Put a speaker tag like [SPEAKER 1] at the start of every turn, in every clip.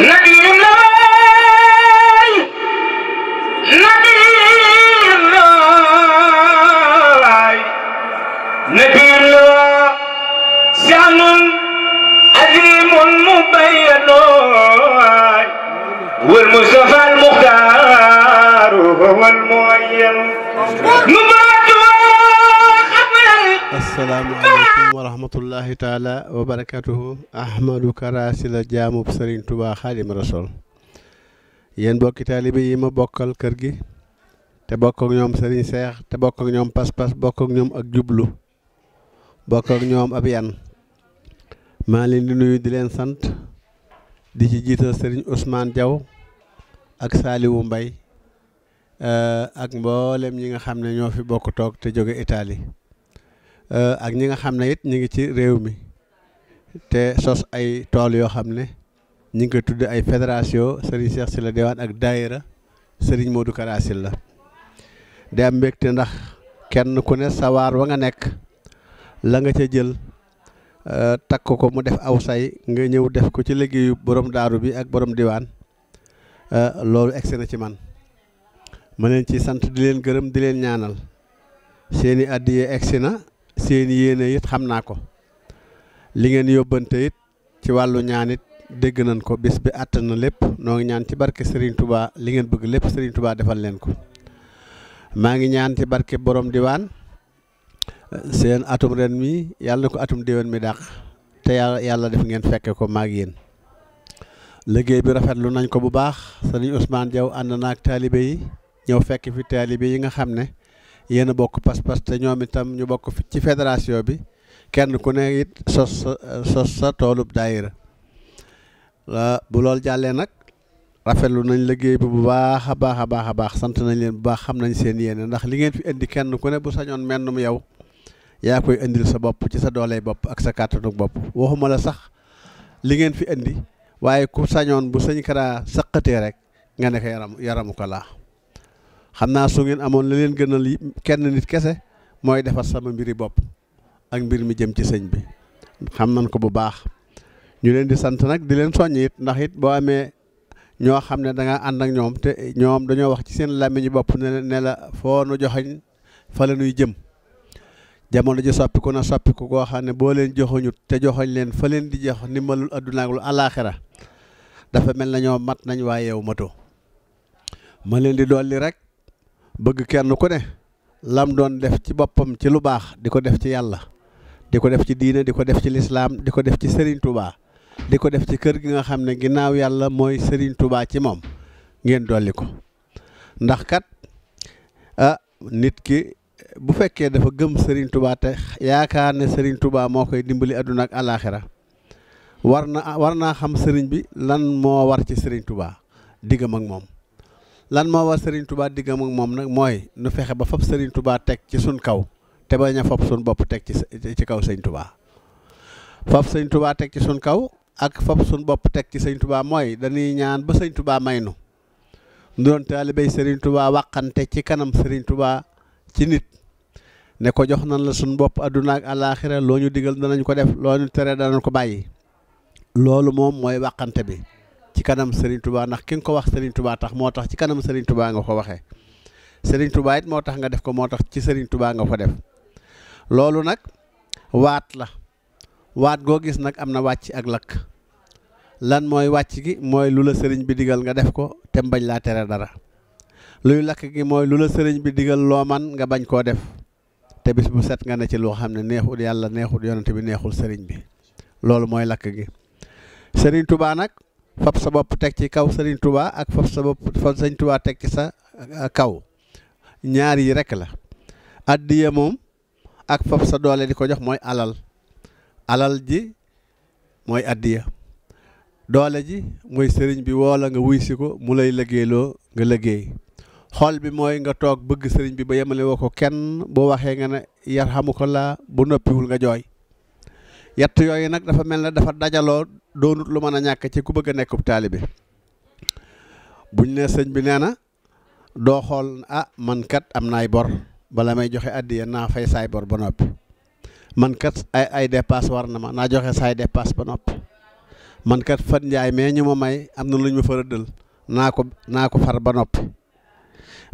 [SPEAKER 1] نبي الله نبي الله نبي الله شأن عظيم مبين والمصطفى المختار هو المعين asalaamualeykum wa rahmatullahi taala wa barakatuhu ahmadou si la jaamub sëriñ tubaa xaadim rasool yéen bokki taalibe yi ma bokkal kër gi te bokk ñoom sëriñ seex te bokk ak ñoom pas-pas bokk ñoom ak jublu bokk ak ñoom ab yan maa leen di nuyu di leen sant di ci jiital sëriñ Ousmane jaw ak Saliwu Mbay eh, ak mboolem ñi nga xam ne ñoo fi bokk toog te jóge Italie Eh, ak ñi nga xamne it ñi ngi ci réew mi te sos ay tool yo xamne ñi nga tudde ay fédération Serigne Cheikh sila dewan ak daïra Serigne Modou Kara la dé am bekté ndax kenn ku ne sawar wa nga nek la nga ca jël eh, mu def aw say nga ñëw def ko ci borom daaru bi ak borom dewan eh, loolu egsi na ci man man len ci sante di len gërëm di len ñaanal seeni addiye seen yéene it xam naa ko li ngeen yóbbante it ci wàllu ñaan it dégg nañ ko bis bi àttan na lépp noo ngi ñaan ci barke sëriñ Touba li ngeen bëgg lépp Serigne tubaa defal leen ko maa ngi ñaan ci barke borom diwaan seen atum ren mi yàlla na ko atum déwén mi dàq te yàlla yàlla def ngeen fekke ko maag yéen liggéey bi rafetlu nañ ko bu baax Serigne Ousmane Diaw ànd naag taalibe yi ñëw fekk fi taalibe yi nga xam ne. yéen a bokk pas-pas te ñoom itam ñu bokk ci fédération bi kenn ku ne it sos sos sa toolub daayira bu loolu jàllee nag rafetlu nañ liggéey bi bu baax a baax a baax a baax sant nañ leen bu baax xam nañ seen yéene ndax li ngeen fi indi kenn ku ne bu sañoon mennum yow yaa koy indil sa bopp ci sa dooley bopp ak sa kàttanug bopp waxuma la sax li ngeen fi indi waaye ku sañoon bu sëñ Kara saqatee rek nga ne ko yaramu yaramu ko laa xam naa su amoon la leen gënal kenn nit kese mooy defal sama mbiri bopp ak mbir mi jëm ci sëñ bi xam nañ ko bu baax ñu leen di sant nag di leen soññ it ndax it boo amee ñoo xam ne da ànd ak ñoom te ñoom dañoo wax ci seen làmmiñu bopp ne ne la foo nu joxañ fa la nuy jëm jamono ji soppiku na soppiku koo xam ne boo leen joxuñut te joxoñ leen fa leen di jox ndimbalul adduna ak lu dafa mel na ñoom mat nañ waaye yow mato ma leen di dolli rek bëgg kenn ku ne lam doon def ci boppam ci lu baax di ko def ci yàlla di ko def ci diine di ko def ci lislaam di ko def ci Serigne Touba di ko def ci kër gi nga xam ne ginnaaw yàlla mooy Serigne tubaa ci moom ngeen dolli ko ndax kat ah nit ki bu fekkee dafa gëm Serigne Touba te yaakaar ne Serigne tubaa moo koy dimbali àdduna ak alaaxira war na war naa xam sëriñ bi lan moo war ci Serigne Touba diggam ak moom. lan moo war sëriñ tubaa diggam ak moom nag mooy nu fexe ba fab Serigne tubaa teg ci sun kaw te bañ a fab sun bopp teg ci ci kaw Serigne Touba fab Serigne Touba teg ci sun kaw ak fab sun bopp teg ci Serigne Touba mooy dañuy ñaan ba Serigne tubaa maynu nu ñu doon taalibey Serigne waqante ci kanam Serigne Touba ci nit ne jox nan la sun bopp àdduna ak loo ñu digal danañ ko def loo ñu tere danañ ko bàyyi loolu moom mooy waqante bi. ci kanam Serigne Touba nak ki nga ko wax Serigne Touba tax motax ci kanam Serigne Touba nga ko waxe Serigne Touba it motax nga def ko motax ci Serigne Touba nga ko def lolou nak wat la wat go gis nak amna wacc ak lak lan moy wacc gi moy lula serigne bi digal nga def ko te bañ la téré dara luy lak gi moy lula serigne bi digal lo man nga bañ ko def te bis bu set nga ne ci lo xamne neexul yalla neexul yonent bi neexul serigne bi lolou moy lak gi serigne Touba nak fab sa bopp teg ci kaw sëriñ tubaa ak fab sa bopp fab sëriñ Touba teg ci sa eh, kaw ñaar yi rekk la addiya moom ak fab sa doole di ko jox mooy alal alal ji mooy addiya doole ji mooy sëriñ bi woo la nga wuy si ko mu lay liggéeyloo nga liggéey xool bi mooy nga toog bëgg sëriñ bi ba yemale woo ko kenn boo waxee nga ne yarxamu ko laa bu noppiwul nga jooy yett yooyu nag dafa mel ne dafa dajaloo doonut lu mën a ñàkk ci ku bëgg a nekkub taalibe buñ nee sëñ bi nee na doo xool ah mankat kat am naay bor bala may joxe addiya naa fay saay bor ba noppi mankat kat ay war na ma naa joxe saay dépasse ba noppi man fan njaay mais ñu ma may am na lu ñu ma fa dël naa ko naa ko far ba nopp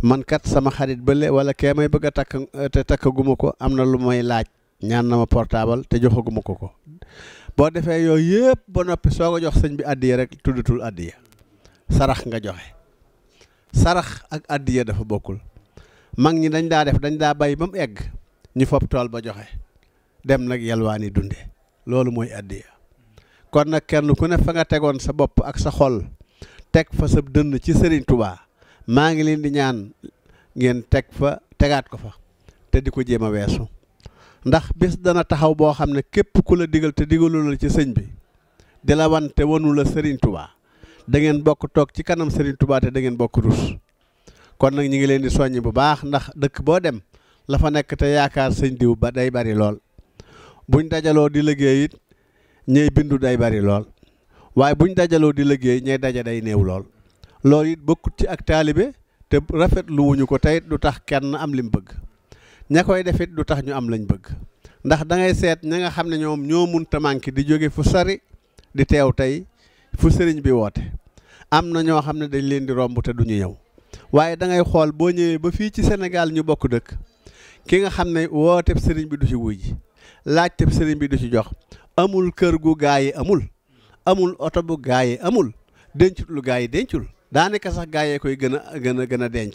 [SPEAKER 1] man sama xarit bële wala kee may bëgg a takk te takkaguma ko am na lu may laaj ñaan na ma portable te joxaguma ko ko boo defee yooyu yëpp ba noppi soo ko jox sëñ bi addiya rek tuddatul addiya sarax nga joxe sarax ak addiya dafa bokkul mag ñi dañ daa def dañ daa bay ba mu egg ñu fob tool ba joxe dem nag yalwaani dunde loolu mooy addiya kon nag kenn ku ne fa nga tegoon sa bopp ak sa xol teg fa sa dënn ci Sëriñ tuba maa ngi leen di ñaan ngeen teg fa tegaat ko fa te di ko jéem a weesu ndax bis dana taxaw bo xamne kep ku la digal te digalu la ci señ bi di la wante te la Serigne Touba da ngeen bok tok ci kanam Serigne Touba te da ngeen bok rus kon nak ñi ngi leen di soñ bu baax ndax dekk bo dem la fa nek te yaakar señ diiw ba day bari lool buñ dajalo di liggey it ñey bindu day bari lool waaye buñ dajalo di liggey ñey dajja day neew lool lol it bokku ci ak talibé te lu wuñu ko du tax kenn am lim bëgg. ña koy defit du tax ñu am lañ bëgg ndax da seet ña nga xam ne ñoom ñoo munta manqué di jóge fu sari di teew tey fu sëriñ bi woote am na ñoo xam ne dañ leen di romb te du ñu ñëw waaye da ngay xool boo ñëwee ba fii ci Sénégal ñu bokk dëkk ki nga xam ne woote sëriñ bi du ci wuy ji laajteb sëriñ bi du ci jox amul kër gu gaa yi amul amul oto bu gaa yi amul dencut lu gaa yi dencul daanaka sax gaa yee koy gën a gën a gën a denc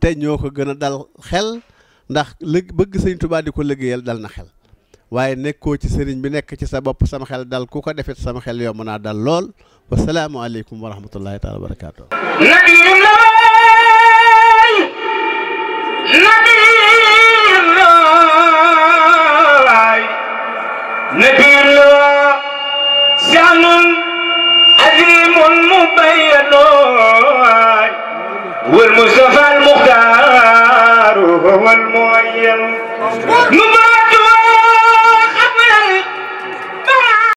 [SPEAKER 1] te ñoo ko gën a dal xel ndax bëgg serigne touba diko liggéeyal dal na xel waaye nekkoo ci serigne bi nekk ci sa bopp sama xel dal ku ko defit sama xel yomb naa dal lool wasalaamualeykum wa rahmatullahi taala wa barakaatu نبي الله المختار وهو المعين مبارك